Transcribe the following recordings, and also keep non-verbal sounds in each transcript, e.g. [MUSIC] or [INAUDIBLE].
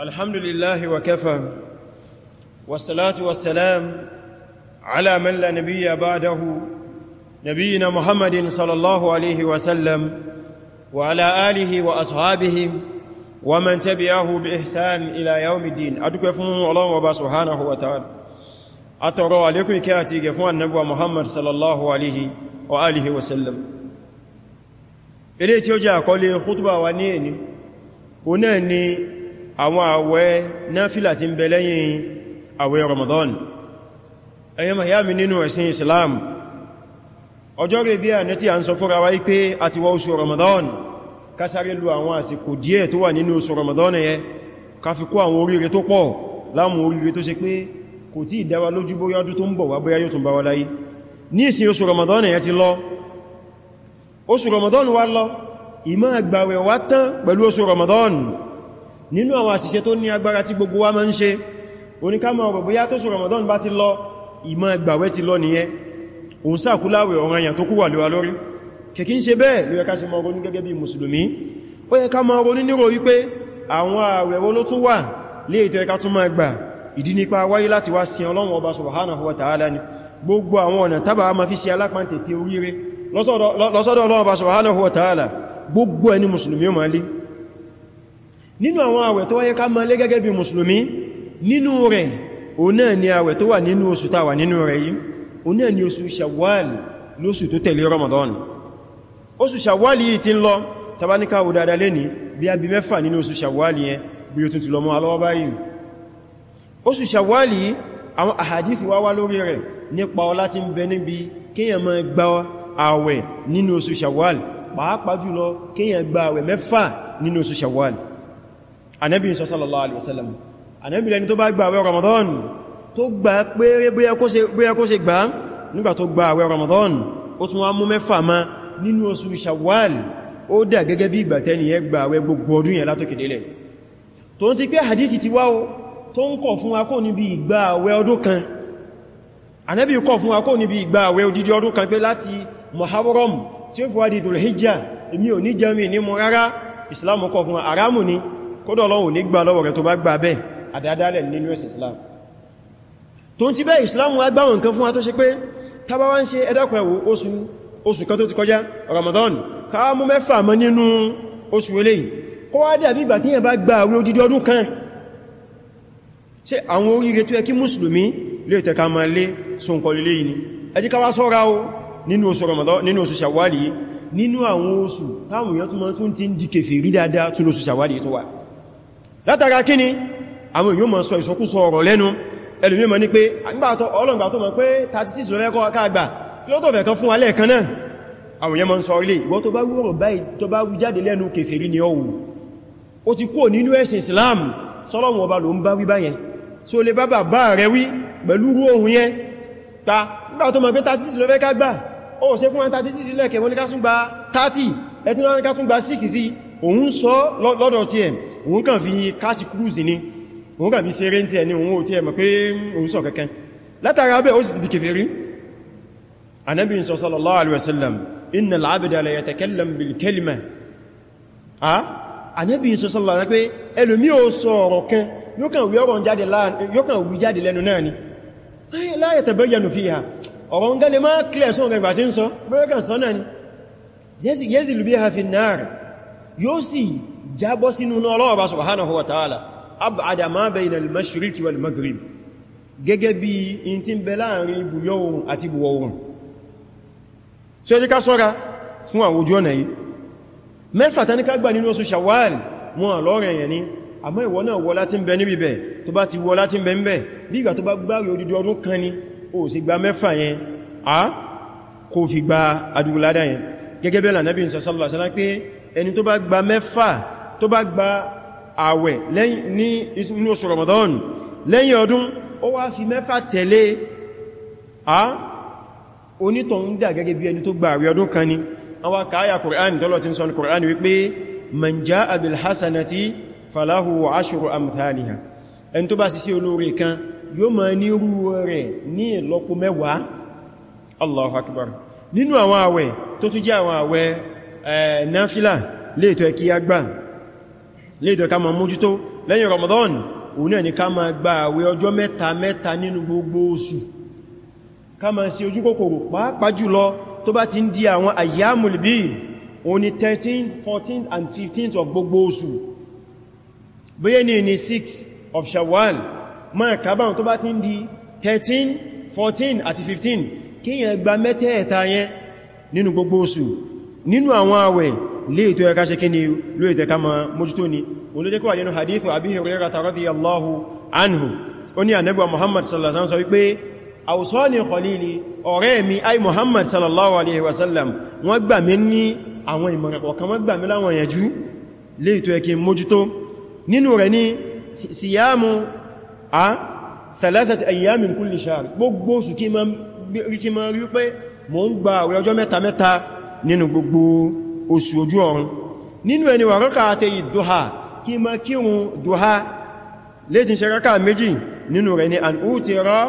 الحمد لله وكفى والصلاة والسلام على من لا نبي بعده نبينا محمد صلى الله عليه وسلم وعلى آله وأصحابه ومن تبعه بإحسان إلى يوم الدين أدكفون الله وبا سبحانه وتعالى أترى عليكم كاتي يفهم النبو محمد صلى الله عليه وآله وسلم إليه تيوجا قولي خطبة ونيني ونيني àwọn àwẹ̀ náfílà tí ń bẹ lẹ́yìn àwẹ̀ Ramadan ẹ̀yẹ mahiyami nínú ẹ̀sìn Islam ọjọ́ rẹ̀ bí àná tí a ń sọ fúnra wa pé a ti wọ oṣù Ramadan kásáré lu àwọn àsìkò díẹ̀ tó wà nínú oṣù Ramadan yẹ ká fi kó àwọn oríire tó pọ̀ láwọn oríire tó ṣe pé kò tí ìdáwa lójú nínú àwọn àṣìṣe tó ní agbára tí gbogbo wa máa ń ṣe oníkámọ̀ ọ̀rọ̀ bóyá tó sùn Ramadan bá ti lọ ìmọ̀ ẹgbàwẹ́ ti lọ nìyẹn òun sàkúláwẹ̀ ọ̀ranyàn tó kúwà lówà lórí kèkí ń ṣe bẹ́ẹ̀ ló yẹ ká ṣe máa ronú gẹ́gẹ́ bí mùsùlùmí ó yẹ ká máa ronú nírò wípé àwọn ààwẹ̀ wà lé ta'ala ni gbogbo àwọn ọ̀nà tábà ma fi ṣe alápán tètè oríire lọ́sọ́dọ̀ Ọlọ́run ọba subhanahu ta'ala gbogbo ẹni mùsùlùmí ó máa lé nínú àwọn àwẹ̀ tó wáyé ká máa lé gẹ́gẹ́ bí mùsùlùmí nínú rẹ̀ òun náà ni àwẹ̀ tó wà nínú oṣù tá wà nínú rẹ̀ yìí òun náà ni oṣù Shawwal lóṣù tó tẹ̀lé Ramadan oṣù Shawwal yìí ti ń lọ tabaníká wò dáadáa lẹ́ni bí a bí mẹ́fà nínú oṣù Shawwal yẹn bí o tún ti lọ mọ́ alọ́wọ́ báyìí oṣù Shawwal yìí àwọn àhàdífì wá wá lórí rẹ̀ nípa Shawwal Ànábì sallallahu alaihi wasallam Ànábì lẹni tó bá gba àwẹ̀ Ramadan tó gbà péré bóyá kó ṣe gbà nígbà tó gba àwẹ̀ Ramadan ó tún wá mú mẹ́fà ma nínú oṣù Shawwal ó dà gẹ́gẹ́ bí ìgbà tẹ́ni yẹ gba àwẹ̀ ń ti pé hadithi ti wá o tó ń kọ̀ fún akó níbi ìgbà àwẹ̀ ọdún kan Ànábì kọ̀ fún akó níbi ìgbà àwẹ̀ odidi ọdún Islam kọ̀ fún kódọ̀ Ọlọ́run ní gbà lọ́wọ́ rẹ̀ tó bá gbà bẹ́ àdádálẹ̀ nínú ẹ̀sìn Islam tó ti bẹ́ Islam wá gbáwọn nǹkan fún wa tó ṣe pé tàbá wá ń ṣe ẹ̀dàkùnrẹ̀wò oṣù kan tó ti kọjá Ramadan ká mú mẹ́fà mọ́ nínú oṣù eléyìí kó wá dàbí ìgbà tí yẹn bá gba àwẹ̀ odidi ọdún kan ṣe àwọn ni ẹ jẹ́ ká wá sọ́ra nínú Ramadan nínú oṣù Ṣawwal yìí nínú àwọn oṣù táwọn èèyàn tún ti ń di kèfèrí dáadáa tún lóṣù Ṣawwal tó wà látara kíni àwọn èèyàn mọ̀ sọ ìsọkúsọ ọ̀rọ̀ lẹ́nu ẹlùmí mọ̀ ní pé àgbàtọ̀ ọlọ́gbà tó mọ̀ pé 36 lọ́rẹ́kọ́ káàgbà kí ló tó fẹ́ kan fún alẹ́ kan náà àwọn èèyàn mọ̀ Islam sọ́lọ́wọ̀n ọba ló ń bá wí báyẹn tí ó lè bá ta nígbà tó mọ̀ pé 36 lọ́fẹ́ ká gbà ó ṣe fún 36 lẹ́kẹ̀ wọ́n ní ká tún gba 30 ẹ̀tún lọ́rẹ́ ká tún gba 6 sí òun sọ lọ́dọ̀ tí ẹ̀ òun kàn fi káàtì cruise ní òun kàn fi ṣeré tí ẹ̀ ní òun ò tí ẹ̀ mọ̀ pé òun sọ kankan látara bẹ́ ó sì ti di kèfèrí Ànábì sallallahu alaihi wasallam innal abda la yatakallam bil kalima Ànábì sallallahu alaihi wasallam pé ẹlòmí ò sọ ọ̀rọ̀ kan yóò kàn wí jáde lẹ́nu náà ni la yatabayyanu fiha ọ̀rọ̀ ń yóò sì jábọ́ sínú náà Ọlọ́run Ọba subhanahu wa ta'ala ab'ada ma bayna al-mashriq wal-maghrib gẹ́gẹ́ bí in ti ń bẹ láàrin ibùyọ́ oòrùn àti ibùwọ̀ oòrùn tí ó jẹ́ ká sọ́ra fún àwọn ọ̀nà yìí mẹ́fà tán ní ká gbà nínú oṣù Shawwal wọn lọ́rẹ̀ náà bí ìgbà tó pé ẹni tó bá gba mẹ́fà tó bá gba àwẹ̀ ní inú oṣù Ramadan lẹ́yìn ọdún ó wá fi mẹ́fà tẹ̀lé a onítọ̀ ń dà gẹ́gẹ́ bí ẹni tó gba àwẹ̀ ọdún kan ni àwọn káyà Kùránì tọ́lọ̀ ti ń sọ ní Kùránì wípé man ja'a bil hasanati falahu ashru amthaliha ẹni tó bá sì sí olóore kan yóò ma ní irú rẹ̀ ní ìlọ́po mẹ́wàá Allahu akbar nínú àwọn àwẹ̀ tó tún jẹ́ àwọn àwẹ̀ náfílà léètò ẹ̀kí agbá léètò ká ma mójútó lẹ́yìn Ramadan òun náà ni ká ma gba àwẹ̀ ọjọ́ mẹ́ta mẹ́ta nínú gbogbo oṣù ká ma ṣe ojú kòkòrò pàápàá jùlọ tó bá ti ń di àwọn ayyamul bid 13th 14th and 15th of gbogbo oṣù bóyẹ́ 6 of Shawwal ma kábàwọn tó 13 14 àti 15 kíyàn gba mẹ́tẹ̀ẹ̀ta yẹn gbogbo oṣù nínú àwọn àwẹ̀ lè tó ẹka ṣe kíni ló ètẹ ká ma mójútó ni wọ́n ló jẹ́ kọwà nínú hadithu Abi Hurairah radhiyallahu anhu ó ní ànẹ́gbà Muhammad sallallahu alaihi wasallam sọ wípé awsani ai Muhammad sallallahu alaihi wasallam wọ́n gbà mí ní àwọn ìmọ̀ràn kọ̀ọ̀kan wọ́n gbà mí láwọn ìyànjú lè tó ẹkẹ a thalathati ayyamin kulli shahr gbogbo oṣù kí ma rí pé mo ń nínú gbogbo oṣù ojú ọ̀run nínú ẹni wà rákà àtẹ ìdúhà kí ma kírun dúhà létin ṣe rákà méjì nínú rẹ̀ ni an útì rọ́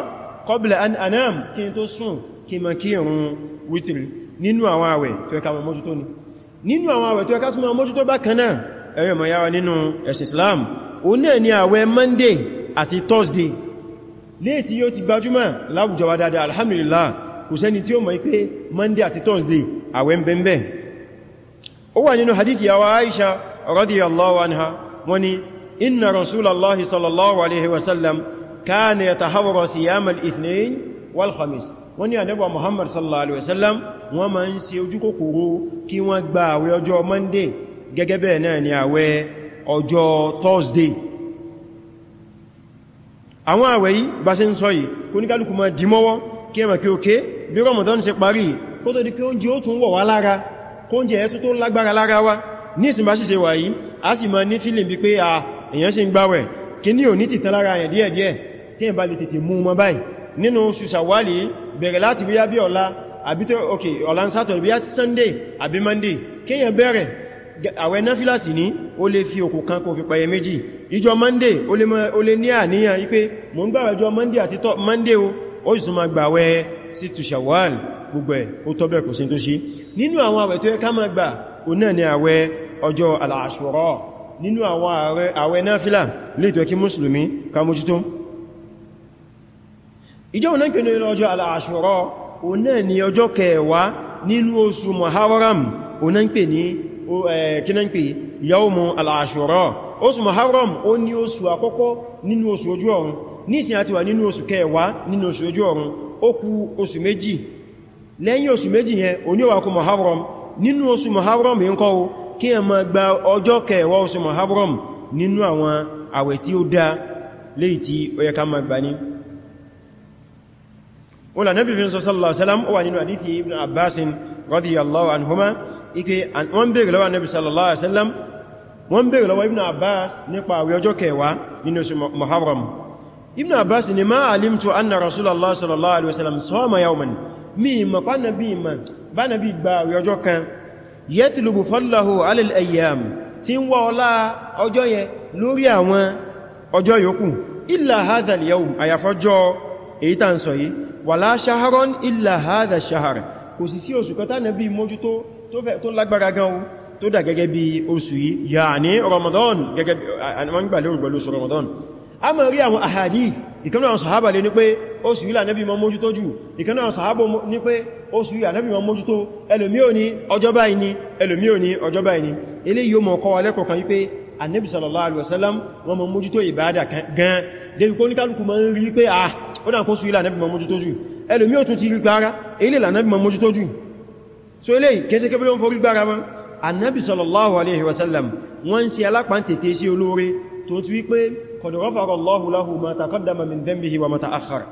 kọbílẹ̀ anam kí tó sùn kí ma kírun wítìrì nínú àwọn àwẹ̀ tó ẹka mọ́jútó ni nínú àwọn àwẹ̀ tó ẹka tún mọ́jútó bákanáà ẹ̀rẹ̀ mọ̀ yára nínú ẹ̀sìn Islam ó náà ni àwẹ̀ Monday àti Thursday léètí yóò ti gbajúmọ̀ láwùjọ wa dáadáa alhamdulillah kò sẹ́ni tí ó mọ̀ pé monday àti thursday àwẹ̀ ń bẹ ń bẹ ó wà nínú hadithi yawa aisha radiyallahu anha wani inna rasulallahi sallallahu alaihi wasallam kana yatahawwara siyam al-ithnain wal khamis wani anaba muhammad sallallahu alaihi wasallam wọ́n máa ń ṣe ojú kòkòrò kí monday gẹ́gẹ́ bẹ́ẹ̀ náà ni thursday àwọn àwẹ̀ yìí bá ṣe ń sọ kí ẹmà kí òkè bí Ramadan ṣe parí kó tó di pé oúnjẹ ó tún wọ̀ wá lára kóúnjẹ ẹ̀ tó lágbára lára wa ní ìsinmá ṣíṣe wà yìí a sì máa ní fílìm bí pé à èyàn ṣe ń gbáwẹ̀ kí ní ò ní ti tán lára àyàn díẹ̀díẹ̀ tí Sunday àbí Monday kéèyàn bẹ̀rẹ̀ àwẹ̀ náfílàsì ní ó lè fi ìjọ Monday ó lè ní àníyàn wípé mo ń gbàwẹ̀ jọ Monday àti Monday o ó sì máa gbàwẹ̀ sí tu Shawwal gbogbo ẹ̀ ó tọ́ bẹ́ẹ̀ kò sí tó ṣe nínú àwọn àwẹ̀ tó yẹ ká máa gbà ó náà ni àwẹ̀ ọjọ́ al-Ashura nínú àwọn àwẹ̀ náfílà lè tó kí mùsùlùmí ká mójútó ìjọ́ òun náà pè ní ọjọ́ ashura ó ni ọjọ́ kẹwàá nínú oṣù Muharram ó náà pè ní kí náà pè yawmu ashura oṣù Muharram ó ní oṣù àkọ́kọ́ nínú oṣù ojú ọ̀run nísìn àti wà nínú oṣù kẹwàá nínú oṣù ojú ọ̀run ó kù oṣù méjì lẹ́yìn oṣù méjì yẹn òní wá kù Muharram nínú oṣù Muharram yìí ń kọ́ kí ẹ máa gba ọjọ́ kẹwàá oṣù Muharram nínú àwọn àwẹ̀ tí ó dá léyìí wọ́n sallallahu alaihi wasallam ó wà ibn abbasin radiyallahu anhuma ike wọ́n bèèrè lọ́wọ́ nabi sallallahu alaihi wasallam wọ́n ibn abbas nípa àwẹ̀ ọjọ́ kẹwàá nínú oṣù Muharram ibn abbas ni ma alimtu anna rasulallah sallallahu alaihi wasallam sawama yawman mi ma pa nabi ma ba nabi gba ọjọ́ kan yatlubu fallahu ala al-ayyam tin wa ola ọjọ́ yẹn lórí àwọn ọjọ́ yòókù illa hadha al-yawm ayafojo èyí tan sọ yìí wala shahran illa hadha shahr kò sí sí oṣù kan nabi mójú tó tó fẹ́ tó lágbára gan o tó dà gẹ́gẹ́ bí oṣù yìí yaani ramadan gẹ́gẹ́ an man gba lórí pẹ̀lú oṣù ramadan a máa rí àwọn ahadith ìkanáà àwọn sàhábà lè ní pé oṣù yìí lànẹ́bí ma mójútó jù ìkanáà àwọn sàhábà ní pé oṣù yìí lànẹ́bí ma mójútó ẹlòmíò ní ọjọ́ báyìí ni ẹlòmíò ní ọjọ́ báyìí ilé yóò mọ̀ kọ́ wa wípé sallallahu alaihi wasallam wọ́n ma mójútó ìbádà gan débi kó ń rí pé ah ó dà kó sú ilé ànẹ́bì ma mójútó jù ẹlòmí ò tún ti rí gbára ilé ànẹ́bì ma mójútó jù so sallallahu alaihi wasallam wọ́n ń ṣe alápàntètè sí olóore tó ti wípé qad ghafara Allahu lahu ma taqaddama min dhanbihi wa ma ta'akhkhara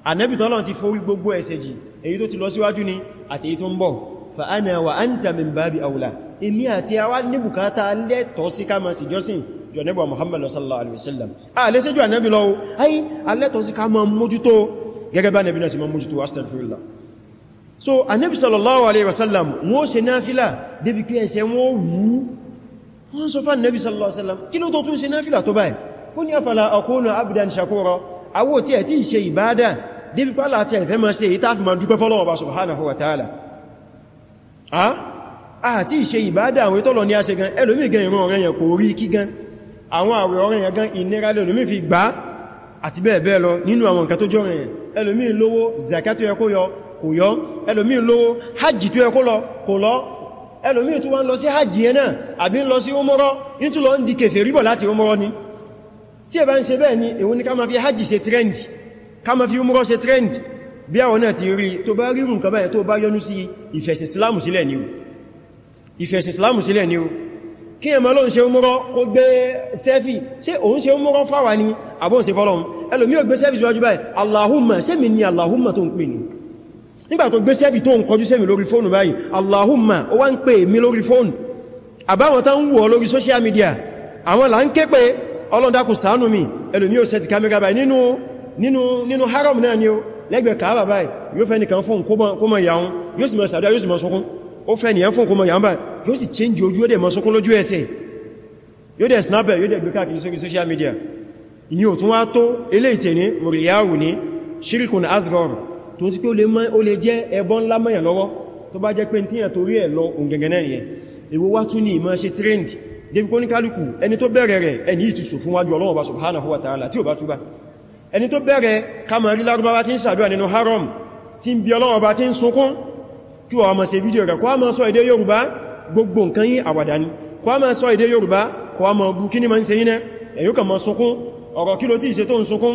Ànábì tọ́lọ́run ti forí gbogbo ẹ̀ṣẹ̀ jì èyí tó ti lọ síwájú ni àti èyí tó ń bọ̀ fa ana wa anta min babi aula èmi àti àwa ní bùkátà lẹ́tọ̀ọ́ sí ká máa sìjọ́sìn jọ Ànábì Muhammad sallallahu alaihi wasallam a lè ṣe jù Ànábì kú ní afẹ́lá ọkùnrin abdan shakura awó tí ẹ̀ tí ṣe ìbádà débi pàlá àti ẹ̀fẹ́ ma ṣe ìta fi ma dúpẹ́ fọ́lọ́wọ́ bá subhanahu wa ta'ala àti ṣe ìbádà àwọn ìtọ́lọ ní aṣe ẹlòmí gan ìran lọ sí hajj yẹn náà àbí lọ sí umrah ń tún lọ ń di kèfèrí bọ̀ láti umrah ni tí ẹ bá ń ṣe bẹ́ẹ̀ ni èwo ni ká ma fi hajji ṣe trend ká ma fi umro ṣe trend bí àwọn náà ti rí tó bá rírùn kan báyẹ̀ tó bá yọnú sí ìfẹ̀sẹ̀ islamu sílẹ̀ ni o ìfẹ̀sẹ̀ islamu sílẹ̀ allahumma ṣe mi allahumma tó ń pè ní nígbà tó gbé sẹ́fì tó ń kọjú sẹ́mi lórí fóònù báyìí allahumma ó wá ń pè mí lórí fóònù àbáwọn tán ń lórí social media àwọn là ń ké pé Ọlọ́run dákun mi ẹlòmí ò sẹ́tì kámẹ́rà báyìí nínú nínú nínú haram náà ni ó lẹ́gbẹ̀ẹ́ Kaaba báyìí yóò fẹ́ nìkan fún kó mọ̀ yàun yóò sì mọ̀ sàdá yóò sì mọ̀ sọkún ó fẹ́ nìyàn fún kó mọ̀ báyìí yóò sì change ojú ẹ̀dẹ̀ mọ̀ sọkún lójú ẹsẹ̀ yóò dẹ̀ snapper yóò dẹ̀ gbé káàkiri sórí social media ìyí ò tún wá tó eléyìí tẹ̀ ní mọ̀rìyáwù ní shirikun asgore tó ti pé ó lè jẹ́ ẹbọ ńlá mọ́yàn lọ́wọ́ tó bá jẹ́ pé tíyàn torí ẹ̀ débi kó ní kálukú ẹni tó bẹ̀rẹ̀ rẹ̀ ẹni yìí ti sọ fún wájú Ọlọ́run Ọba subhanahu wa ta'ala tí ó bá túbá ẹni tó bẹ̀rẹ̀ kamari lárúbáwá tí ń sàdúwà nínú haram tí ń bí Ọlọ́run Ọba tí ń sunkún kí wọ́n ma ṣe fídíò rẹ̀ kó a ma sọ èdè Yorùbá gbogbo nǹkan yí àwàdà ni kó a ma sọ ń sunkún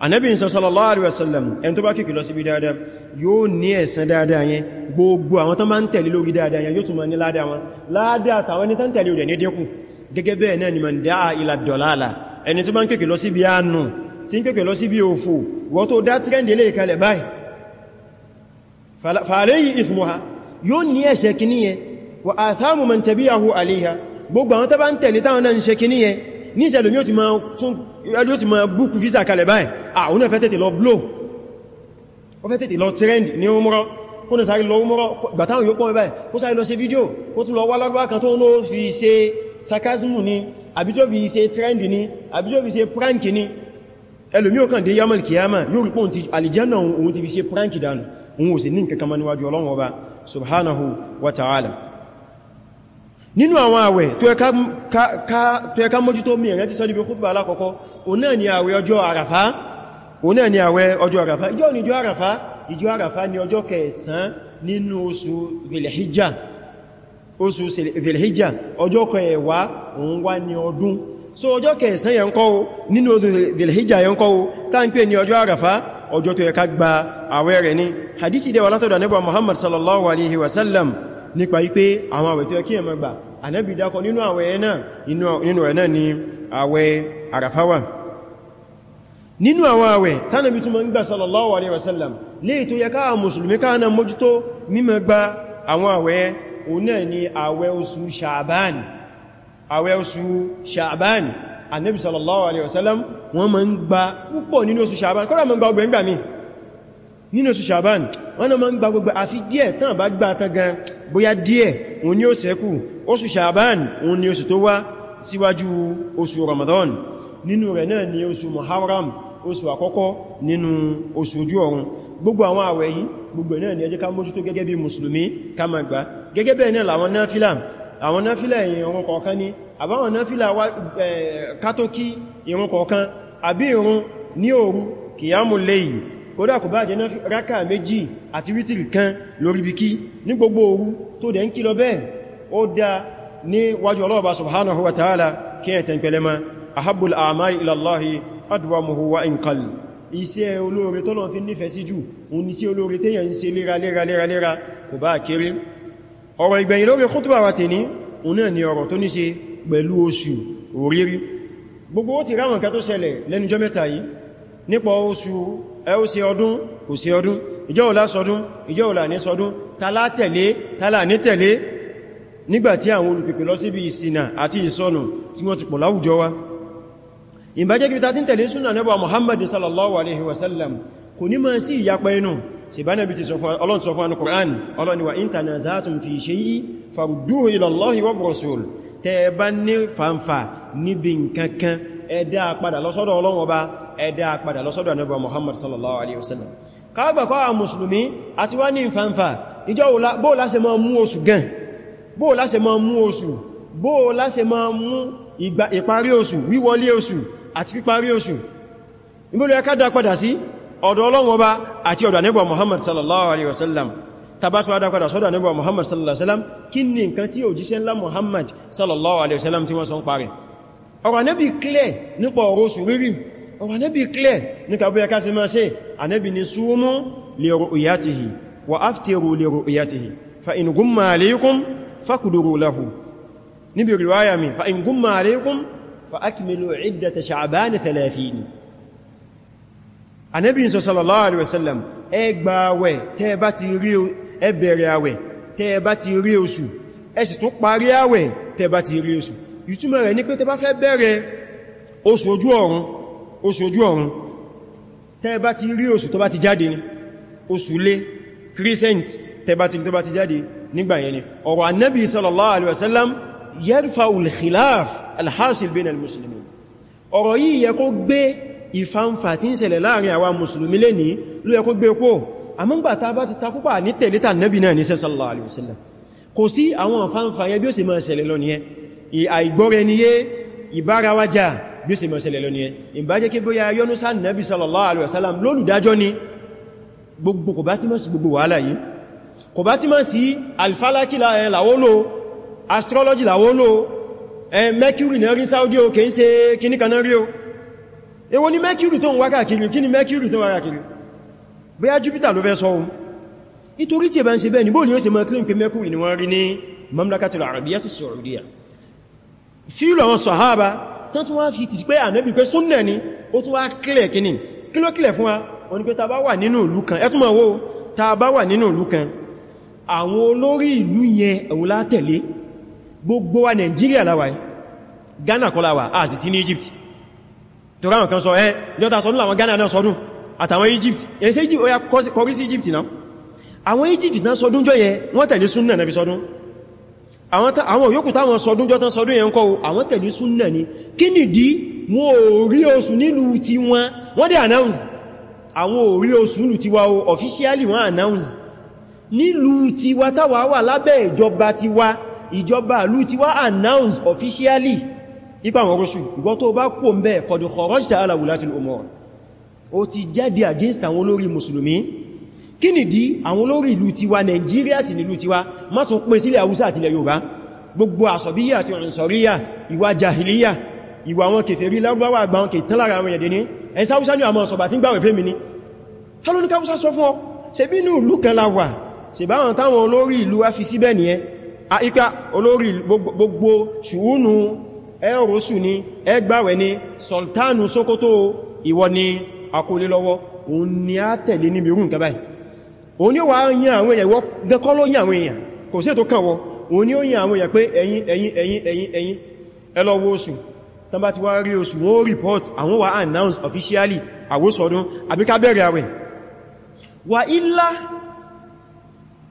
anabi isa sallallahu alaihi wasallam en tó bá kiki lọ síbi dáadáa yóò ní ẹ̀san dáadáa yẹn gbogbo àwọn tán bá ń tẹ̀lé lórí dáadáa yẹn yóò tún máa ní lada wọn lada ta wọn tán tẹ̀lé o de ni dínkù gẹ́gẹ́ bẹ́ẹ̀ náà ni man daa ila dolala ẹni tí bá ń kiki lọ síbi anu tí ń kiki lọ síbi òfò wo tó ní ìṣẹ̀lẹ̀ yóò ti máa búkù visa kalẹ̀ báyìí àwọn náà fẹ́ tètè lọ blow ó fẹ́ tètè lọ trend ní umrọ kó ní sáré lọ umrọ gbàtàwọn yóò pọ̀ báyìí kó sáré lọ ṣe fídíò kó tún lọ wá lágbà kan tó ń lọ fi ṣe sarcasm ni àbí tó fi ṣe trend ni àbí tó fi ṣe prank ni ẹlòmí ò kàn dé yamal kiyama yóò rí pọ́n ti alìjẹ́nà òun ti fi ṣe prank dànù òun ò sì ní nǹkan kan mọ́ ọlọ́run ọba subhanahu wata'ala nínú àwọn àwẹ̀ tó yẹ ká mójútó mi ẹ̀rẹ́ ti sọ níbi kútùbà alákọ̀ọ́kọ́ o náà ni àwẹ̀ ọjọ́ àràfá o náà ni àwẹ̀ àràfá ìjọ ni ìjọ àràfá ìjọ àràfá ni ọjọ́ kẹsàn nínú oṣù Dhul-Hijja oṣù Dhul-Hijja ọjọ́ kẹwàá òun wá ní ọdún so ọjọ́ kẹsàn yẹn kọ́ o nínú oṣù Dhul-Hijja yẹn kọ́ o tá ń pè yẹ ni hadithi dẹwà látọ̀dọ̀ Ànábì Muhammad sallallahu alaihi wasallam nípa wípé àwọn àwẹ̀ tó yẹ kí ẹ̀mọ́ gbà ànábì dákọ nínú àwẹ̀ náà nínú ẹ̀ náà ni àwẹ̀ àràfáwà nínú àwọn àwẹ̀ tánàbí túnmọ̀ ń gbà sallallahu alaihi wasallam lè tó yẹ káà mùsùlùmí káà náà mójútó mímọ̀ gba àwọn àwẹ̀ òun náà ni àwẹ̀ Sha'ban àwẹ̀ oṣù sallallahu alaihi wasallam wọ́n ma ń gba púpọ̀ nínú oṣù Sha'ban kọ́rọ̀ ma ń gba ọgbẹ̀ ń gbà mí nínú oṣù Sha'ban wọ́n ma gan bóyá díẹ̀ òun ni ó ṣẹ́kù oṣù Sha'ban òun ni oṣù tó wá síwájú oṣù Ramadan nínú rẹ̀ náà ni oṣù Muharram oṣù àkọ́kọ́ nínú oṣù ojú ọ̀run gbogbo àwọn àwẹ̀ yìí gbogbo náà ni ẹ jẹ́ ká mójútó gẹ́gẹ́ bí mùsùlùmí ká máa gbà gẹ́gẹ́ bẹ́ẹ̀ náà làwọn náfílà àwọn náfílà ìrun kọ̀ọ̀kan ni àbáwọn náfílà kátókí ìrun kọ̀ọ̀kan àbí ìrun ní òru kìyàmù lẹ́yìn kódà kò bá jẹ́ náà rákà méjì àti wítìrì kan lórí bí kí ní gbogbo òru tó dẹ̀ ń kí lọ bẹ́ẹ̀ ó dá ní wájú ọlọ́ọ̀bá subhanahu wa ta'ala kí ẹ̀ tẹ̀pẹ̀lẹ́ ma ahabbul a'mali ila Allahi adwamuhu wa in qall iṣẹ́ olóore tó lọ fi nífẹ̀ẹ́ sí jù òun ni sí olóore téyàn ń ṣe léra léra léra léra kò bá kéré ọ̀rọ̀ ìgbẹ̀yìn lórí khutba wa tèní òun náà ni ọ̀rọ̀ tó ní ṣe gbogbo ó ti ráwọn kan tó ṣẹlẹ̀ lẹ́nujọ́ mẹ́ta yìí nípa oṣù ẹ ó ṣe ọdún kò ṣe ọdún ìjọ́ òlá sọdún ìjọ́ òlá ní sọdún tàlá tẹ̀lé tàlá ní tẹ̀lé nígbàtí àwọn olùpèpè lọ síbi ìsìnà àti ìsọnù tí wọ́n ti pọ̀ láwùjọ wa ìbájẹ́ kí tàtí tẹ̀lé alaihi wasallam kò ní máa sí ìyapa inú sìbánàbí ti ọlọ́n sọ fún anú Qur'an ọlọ́ni wa in tanaza'tum fi shay'in farudduhu ila Allahi wa rasul tẹ́ẹ̀bá ní fanfa ẹ̀dá padà lọ́sọ́dọ̀ Ànábì Muhammad sallallahu alaihi wasallam káàgbàkọ́ àwọn mùsùlùmí àti wá ní ìfàǹfà ìjọ bóò láṣe máa mú oṣù gan bóò láṣe máa mú oṣù bóò láṣe máa mú ìparí oṣù wíwọlé oṣù àti píparí oṣù ìbúlẹ̀ ẹ̀kádà padà sí ọ̀dọ̀ Ọlọ́run Ọba àti ọ̀dọ̀ Ànábì Muhammad sallallahu alaihi wasallam tabbatar da kwada sọ́dọ̀ nígbà Muhammad sallallahu alaihi wasallam kí ni nǹkan tí òjíṣẹ́ ńlá Muhammad sallallahu alaihi wasallam tí wọ́n sọ ń parí ọ̀rọ̀ Ànábì clear nípa ọ̀rọ̀ oṣù rírì ọ̀rọ̀ anẹ́bì clear ní kàbúyà ká sí máa ṣe anẹ́bì ni súnmú li ru'yatihi wa aftiru li ru'yatihi fa in gumma alaykum fakuduru lahu níbi riwaya mi fa in gumma alaykum fa akmilu iddata sha'bani 30 anẹ́bì sọ sallallahu alaihi wasallam ẹ gba oṣù ojú ọ̀run oṣù ojú ọ̀run tẹ́ bá ti rí oṣù tó bá ti jáde ni oṣù lé crescent tẹ́ bá ti rí tó bá ti jáde nígbà yẹn ni ọ̀rọ̀ annabi sallallahu alaihi wasallam yarfa'ul khilaf alhasil bain almuslimin ọ̀rọ̀ yìí yẹ kó gbé ìfàǹfà tí ń ṣẹlẹ̀ láàrin àwa mùsùlùmí lẹ́ni ló yẹ kó gbé kó àmúgbà ta kò sí àwọn ìfàǹfà yẹn ó sì máa ṣẹlẹ̀ lọ nìyẹn àìgbọ́rẹ̀ niyé ìbárawájá bí ó ṣe máa ṣẹlẹ̀ lọ ní ẹ ìbájẹ́ kí bóyá yọ́nú sáà nàbí sallallahu alaihi wasallam lólùdájọ́ ni gbogbo kò bá tí mọ́ sí gbogbo wàhálà yìí kò bá tí mọ́ sí alfalaki eh, làwọ́lò astrology làwọ́lò eh, mercury náà rí saudi o kìí ṣe kíní kan náà rí o èwo ni mercury tó ń wá káàkiri kí ni mercury tó sahaba tán tún wá fi ti pé ànábì pé súnnà ni ó tún wá kílẹ̀ kíní kí ló kílẹ̀ fún wa ó ní pé ta bá wà nínú ìlú kan ẹtún mọ̀ wó ta bá wà nínú ìlú kan àwọn olórí ìlú yẹn ẹ̀wò látẹ̀lé gbogbo wa Nàìjíríà láwà Ghana kọ́ láwà a sì sí ní Egypt tó ráwọn kan sọ ẹ́ jọta sọdún làwọn Ghana náà sọdún àtàwọn Egypt èsẹ́ Egypt ó yá kọrí sí Egypt náà àwọn Egypt náà sọdún jọ yẹ wọ́n tẹ̀lé súnnà náà fi sọdún àwọn yòókù táwọn sọdún jọ tán sọdún yẹn kọ́ àwọn tẹ̀lé súnnà ni kí nìdí wọn ò rí oṣù nílùú ti wọn wọ́n dẹ̀ announce àwọn ò rí oṣù nílùú ti wa o officially wọ́n announce nílùú ti wa táwa wà lábẹ́ ìjọba ti wa ìjọba ìlú ti wa announce officially ipa àwọn oṣù ìgbọ́ tó bá kò mẹ́ kọ̀dù kharajta ala wulatil umur against àwọn olórí kí nìdí àwọn olórí ìlú tiwa Nàìjíríà sì nílùú tiwa má tún pín sílẹ̀ Haúsá àti ilẹ̀ Yorùbá gbogbo àsọ̀bíyà àti ọ̀rìnsọ̀ríyà ìwà jahiliya ìwà àwọn kèfèrí lárúbáwà àgbà wọn kètán lára àwọn ẹ̀dẹ̀ ní ẹ̀sá Haúsá ní àmọ́ ọ̀sọ̀bà tí ń gbàwẹ̀ fẹ́mi ní tálóníká Haúsá sọ fún ọ ṣe bí inú ìlú kan láwà ṣe bá wọn táwọn olórí ni ẹgbàwẹ̀ ni Sultanu Sokoto ìwọ ni òun ni ó wà yán àwọn èèyàn wọ́n gẹ́kọ́ ló yán àwọn èèyàn kò sí ètò kàn wọ́n ó yán àwọn èèyàn pé ẹ̀yin ẹ̀yin ẹ̀yin ẹ̀yin ẹ̀yin ẹ oṣù ti wá rí oṣù wọ́n report àwọn wà announce officially àwọ́sọdún àbí ká wà ilá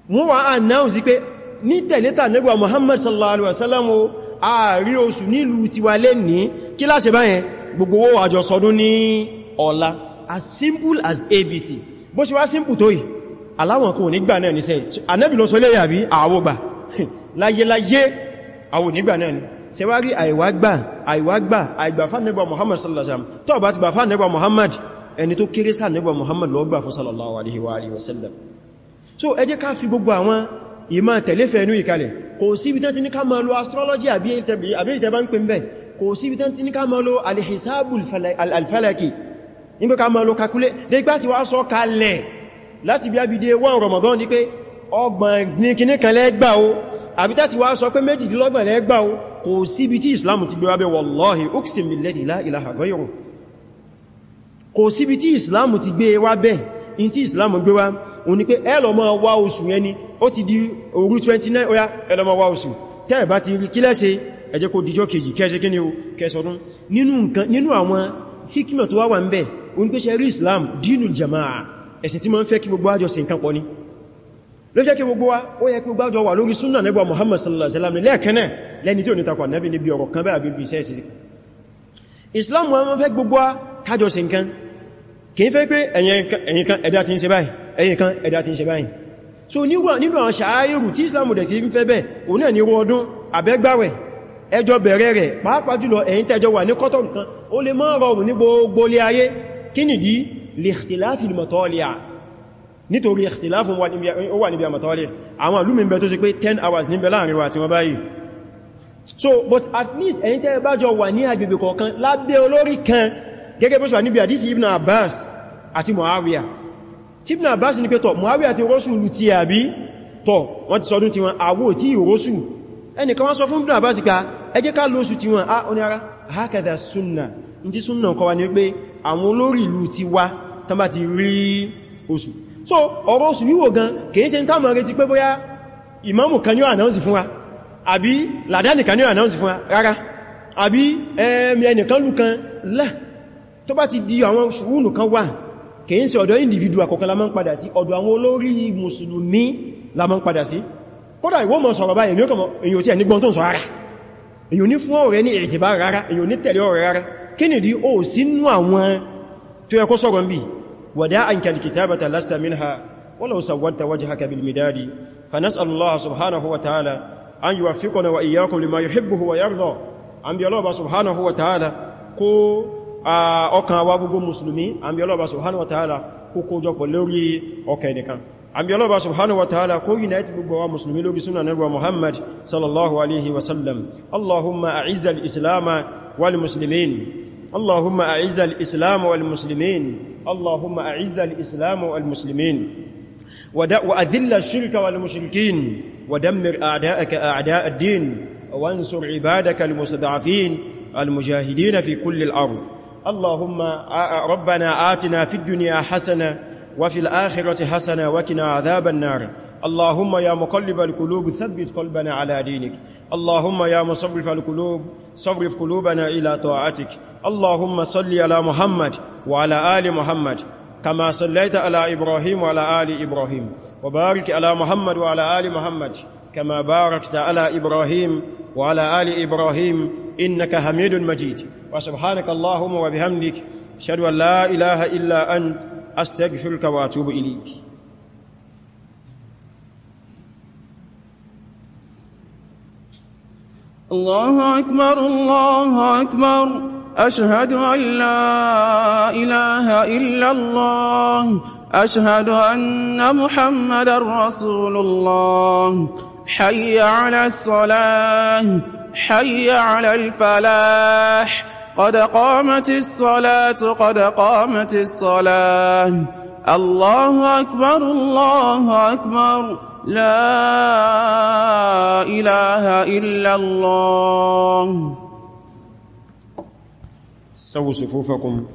wọ́n wà announce pé ní Muhammad sallallahu alaihi wasallam a aláwọn kò nígbà náà ní sẹ́yìn anẹ́bì ló sọ lé yàbí àwọ́gbà láyéláyé [LAUGHS] àwọn nígbà náà ni ṣe wá rí àìwágbà àìgbàfà nẹ́bà Muhammad sallallahu alaihi wasallam tó bá ti Muhammad ẹni tó kéré Muhammad lọ gbà sallallahu alaihi wa alihi wasallam so ẹ jẹ́ ká fi gbogbo àwọn ìmá tẹ̀léfẹ́ inú ìkalẹ̀ kò sí ibi tán ti ní ká máa lo astrology àbí ìtẹ́bá ń pè ń bẹ̀ kò sọ kalẹ̀ láti bí abìdé 1 Ramadan ní pé ọgbọ̀n ní kíní kan lẹ́gbà o àbí tàti wá sọ pé méjìdínlọ́gbọ̀n lẹ́gbà o kò síbi tí Islam ti gbéwábẹ́ wallahi uqsim billadhi la ilaha ghayruhu kò síbi tí Islam ti gbéwábẹ́ in 29 ó yá ẹlọ máa wá oṣù tẹ́ẹ̀ bá ti rí kílẹ̀ ṣe ẹ jẹ́ kó dijọ́ kejì kẹ́ẹ̀ṣẹ́ kí ni o kẹsọdún nínú àwọn hikima tó wá wà ń bẹ̀ o rí Islam dínul jama'a ẹ̀sìn tí ma ń fẹ́ kí gbogbo àjọ sí nǹkan pọ̀ ní ló jẹ́ kí gbogbo wa ó yẹ kí gbogbo àjọ wà lórí súnnà nẹ́bà Muhammad sallallahu alaihi wasallam ní lẹ́ẹ̀kẹ́nẹ̀ lẹ́ni tí ò ní takwa nẹ́bì níbi ọ̀rọ̀ kan bẹ́ẹ̀ bí iṣẹ́ ìsìn Islam wọn fẹ́ gbogbo wa kájọ sí nǹkan kì í fẹ́ pé ẹ̀yin kan ẹ̀dá ti ń ṣe báyìí ẹ̀yin kan ẹ̀dá ti ń ṣe báyìí so nínú àwọn ṣàáyìrù tí Islam dẹ̀ sí ń fẹ́ bẹ́ẹ̀ òun náà ní irú ọdún àbẹ́gbàwẹ̀ ẹjọ́ bẹ̀rẹ̀ rẹ̀ pàápàá jùlọ ẹ̀yin tẹ́jọ wà ní kọ́tọ̀ nǹkan ó lè máa rọrùn ní gbogbo ilé ayé kí nìdí li ikhtilafi al-matali' nítorí ikhtilafu wà níbi àmàtọ́lẹ̀ àwọn ìlú mẹ́bẹ̀ tó ṣe pé 10 hours níbẹ̀ láàrin wa àti wọn báyìí so but at least ẹ̀yin tẹ́ bá jọ wà ní agbègbè kọ̀ọ̀kan lábẹ́ olórí kan gẹ́gẹ́ bó ṣe wà níbi àdífì ibn abbas àti muawiya tí ibn abbas ní pé tọ̀ muawiya ti rọ́sù lù ti àbí tọ̀ wọ́n ti sọdún ti wọn àwò tí ìrọ́sù ẹnìkan wọ́n sọ fún ibn abbas ká ẹ àwọn olórí ìlú ti wá tán bá ti rí oṣù so ọ̀rọ̀ oṣù wíwò gan kìí ṣe ń táàmà retí pé bóyá ìmáàmù kan yóò ànáùnsì fún wa àbí làdáni kan yóò ànáùnsì fún wa rárá àbí ẹ̀mì ẹnìkan lù kan lá tó bá ti di àwọn ṣùgbùnù kan wà kìí ṣe ọ̀dọ̀ individual kọ̀kan la máa ń padà sí ọ̀dọ̀ àwọn olórí mùsùlùmí la máa ń padà sí kódà ìwọ mọ̀ sọ̀rọ̀ báyìí èmi ò kàn mọ̀ èyí ò tí ẹ̀ ó sínú àwọn ń bí وداعا كالكتابة لست منها ولو سودت وجهك بالمداد فنسأل الله سبحانه وتعالى أن يوفقنا وإياكم لما يحبه ويرضى àbí ọlọ́ọ̀bá subhanahu wa ta'ala kó ọkàn wa gbogbo musulmi àbí ọlọ́ọ̀bá subhanahu wa ta'ala kó kó jọpọ̀ lórí ọkàn ẹnìkan àbí ọlọ́ọ̀bá subhanahu wa ta'ala kó unite gbogbo wa musulmi lórí súnà náà muhammad sallallahu alaihi wasallam allahumma a'izzal islama wal muslimin اللهم أعز الإسلام والمسلمين اللهم أعز الإسلام والمسلمين وأذل الشرك والمشركين ودمر أعداءك أعداء الدين وانصر عبادك المستضعفين المجاهدين في كل الأرض اللهم ربنا آتنا في الدنيا حسنة وفي الآخرة حسنة وكنا عذاب النار اللهم يا مقلب القلوب ثبت قلبنا على دينك اللهم يا مصرف القلوب صرف قلوبنا إلى طاعتك اللهم صل على محمد وعلى آل محمد كما صليت على إبراهيم وعلى آل إبراهيم وبارك على محمد وعلى آل محمد كما باركت على إبراهيم وعلى آل إبراهيم إنك حميد مجيد وسبحانك اللهم وبحمدك أشهد أن لا إله إلا أنت أستغفرك وأتوب إليك الله أكبر الله أكبر أشهد أن لا إله إلا الله أشهد أن محمد رسول الله حي على الصلاة حي على الفلاح قد قامت الصلاة قد قامت الصلاة الله أكبر الله أكبر لا إله إلا الله سووا صفوفكم